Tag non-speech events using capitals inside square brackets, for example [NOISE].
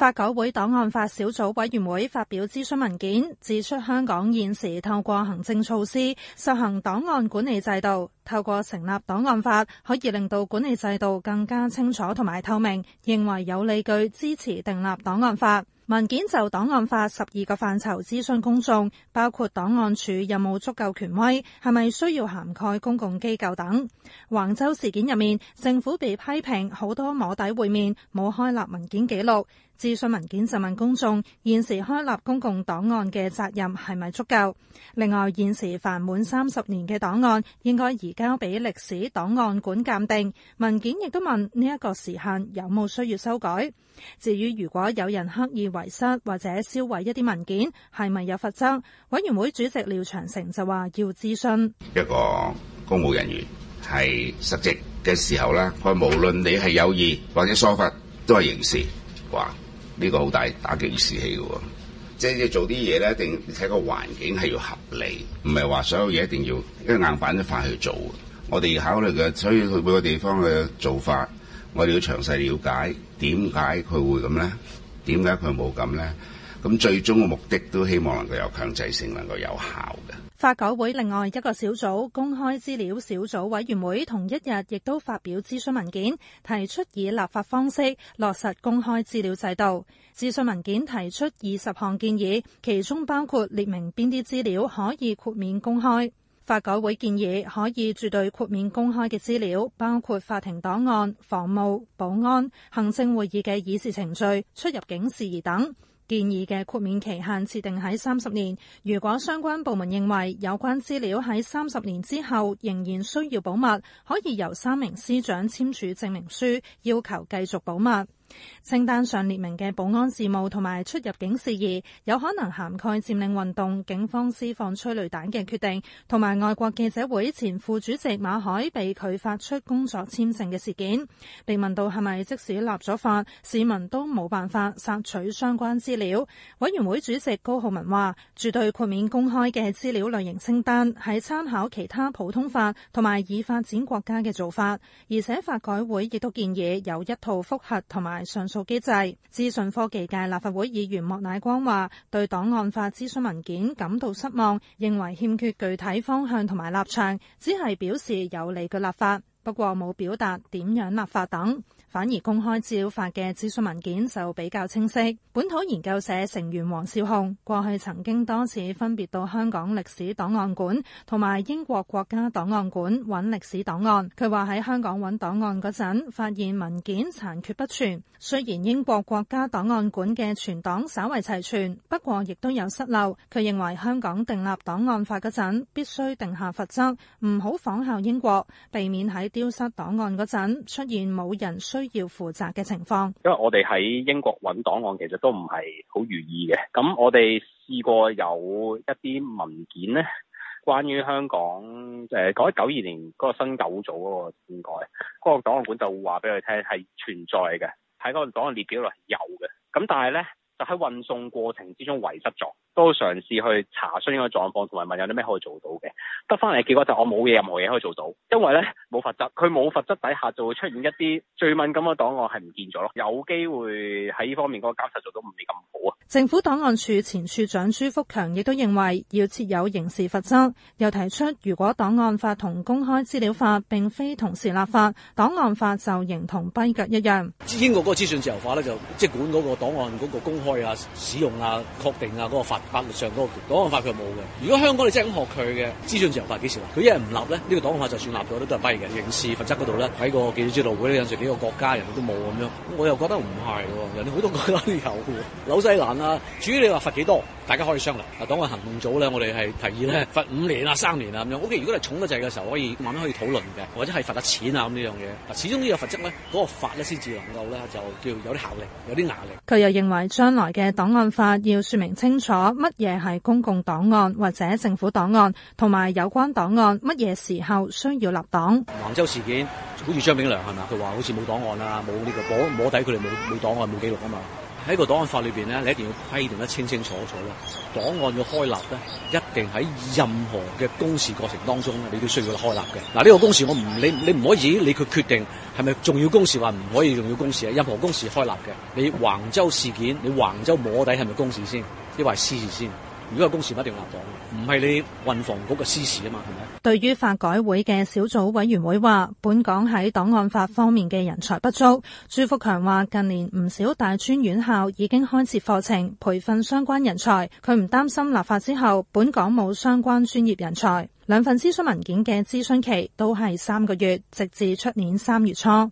法改會檔案法小組委員會發表諮詢文件，指出香港現時透過行政措施實行檔案管理制度，透過成立檔案法可以令到管理制度更加清楚同埋透明，認為有理據支持訂立檔案法。文件就檔案法十二個範疇諮詢公眾，包括檔案處有冇足夠權威，係咪需要涵蓋公共機構等？橫洲事件入面，政府被批評好多摸底會面冇開立文件記錄。諮詢文件就問公眾現時開立公共檔案嘅責任係咪足夠？另外，現時凡滿三十年嘅檔案應該移交俾歷史檔案館鑑定。文件亦都問呢一個時限有冇需要修改？至於如果有人刻意遺失或者銷毀一啲文件，係咪有罰則？委員會主席廖長成就話要諮詢。一個公務人員係實職嘅時候啦，佢無論你係有意或者疏忽，都係刑事話。呢個好大打擊士氣嘅，即係做啲嘢咧，一定睇個環境係要合理，唔係話所有嘢一定要因為硬板一塊去做嘅。我哋要考慮嘅，所以佢每個地方嘅做法，我哋要詳細了解點解佢會咁咧，點解佢冇咁咧？咁最終嘅目的都希望能夠有強制性，能夠有效嘅。法改會另外一個小組公開資料小組委員會同一日亦都發表諮詢文件，提出以立法方式落實公開資料制度。諮詢文件提出二十項建議，其中包括列明邊啲資料可以豁免公開。法改會建議可以絕對豁免公開嘅資料包括法庭檔案、防務、保安、行政會議嘅議事程序、出入境事宜等。建議嘅豁免期限設定喺三十年。如果相關部門認為有關資料喺三十年之後仍然需要保密，可以由三名司長簽署證明書，要求繼續保密。清單上列明嘅保安事務同埋出入境事宜，有可能涵蓋佔領運動，警方施放催淚彈嘅決定，同埋外國記者會前副主席馬海被拒發出工作簽證嘅事件。被問到係咪即使立咗法，市民都冇辦法索取相關資料，委員會主席高浩文話，絕對豁免公開嘅資料類型清單，係參考其他普通法同埋已發展國家嘅做法，而且法改會亦都建議有一套覆核同埋上訴機制，資訊科技界立法會議員莫乃光話：對檔案法諮詢文件感到失望，認為欠缺具體方向同埋立場，只係表示有利嘅立法，不過冇表達點樣立法等。反而公開照發嘅諮詢文件就比較清晰。本土研究社成員黃少雄過去曾經多次分別到香港歷史檔案館同埋英國國家檔案館揾歷史檔案。佢話喺香港揾檔案嗰陣，發現文件殘缺不全。雖然英國國家檔案館嘅全檔稍為齊全，不過亦都有失漏。佢認為香港訂立檔案法嗰陣，必須定下罰則，唔好仿效英國，避免喺丟失檔案嗰陣出現冇人需需要負責嘅情況，因為我哋喺英國揾檔案其實都唔係好如意嘅。咁我哋試過有一啲文件咧，關於香港誒嗰一九二年嗰個新九組嗰個應該，嗰個檔案館就話俾佢聽係存在嘅，喺嗰個檔案列表度係有嘅。咁但係咧。就喺運送過程之中遺失咗，都嘗試去查詢呢個狀況，同埋問有啲咩可以做到嘅。得翻嚟結果就我冇嘢，任何嘢可以做到，因為咧冇罰則，佢冇罰則底下就會出現一啲最敏感嘅檔案係唔見咗咯。有機會喺呢方面嗰個監察做得唔係咁好。政府檔案處前處長朱福強亦都認為要設有刑事罰則，又提出如果檔案法同公開資料法並非同時立法，檔案法就形同跛腳一樣。英國嗰個資訊自由法咧，就即管嗰個檔案嗰個公開啊、使用啊、確定啊嗰個法，法律上嗰個檔案法佢冇嘅。如果香港你真係咁學佢嘅資訊自由法幾時立？佢一係唔立呢，呢個檔案法就算立咗都係跛嘅。刑事罰則嗰度咧，喺個記者招待會引述幾個國家人哋都冇咁樣，我又覺得唔係喎，人哋好多國家都有嘅， [LAUGHS] 紐西蘭。啊、至於你話罰幾多，大家可以商量。檔、啊、案行動組咧，我哋係提議咧罰、嗯、五年啊、三年啊咁樣。OK，如果係重得滯嘅時候，可以慢慢可以討論嘅，或者係罰得錢啊咁呢樣嘢。始終呢、呢個罰則咧，嗰個法咧先至能夠咧就叫有啲效力，有啲壓力。佢又認為將來嘅檔案法要說明清楚乜嘢係公共檔案或者政府檔案，同埋有關檔案乜嘢時候需要立檔。橫洲事件，好似張炳良係嘛？佢話好似冇檔案啦、啊，冇呢、呢個簿摸底，佢哋冇冇檔案冇記錄啊嘛。喺個檔案法裏邊咧，你一定要規定得清清楚楚咯。檔案嘅開立咧，一定喺任何嘅公事過程當中咧，你都需要開立嘅。嗱、啊，呢、這個公事我唔理，你唔可以，你佢決定係咪重要公事還唔可以重要公事，事？任何公事開立嘅，你橫洲事件，你橫洲摸底係咪公事先？抑或私事先？如果個公事不定立法，唔係你運房局嘅私事啊嘛？係咪？對於法改會嘅小組委員會話，本港喺檔案法方面嘅人才不足。朱福強話：近年唔少大專院校已經開設課程培訓相關人才，佢唔擔心立法之後本港冇相關專業人才。兩份諮詢文件嘅諮詢期都係三個月，直至出年三月初。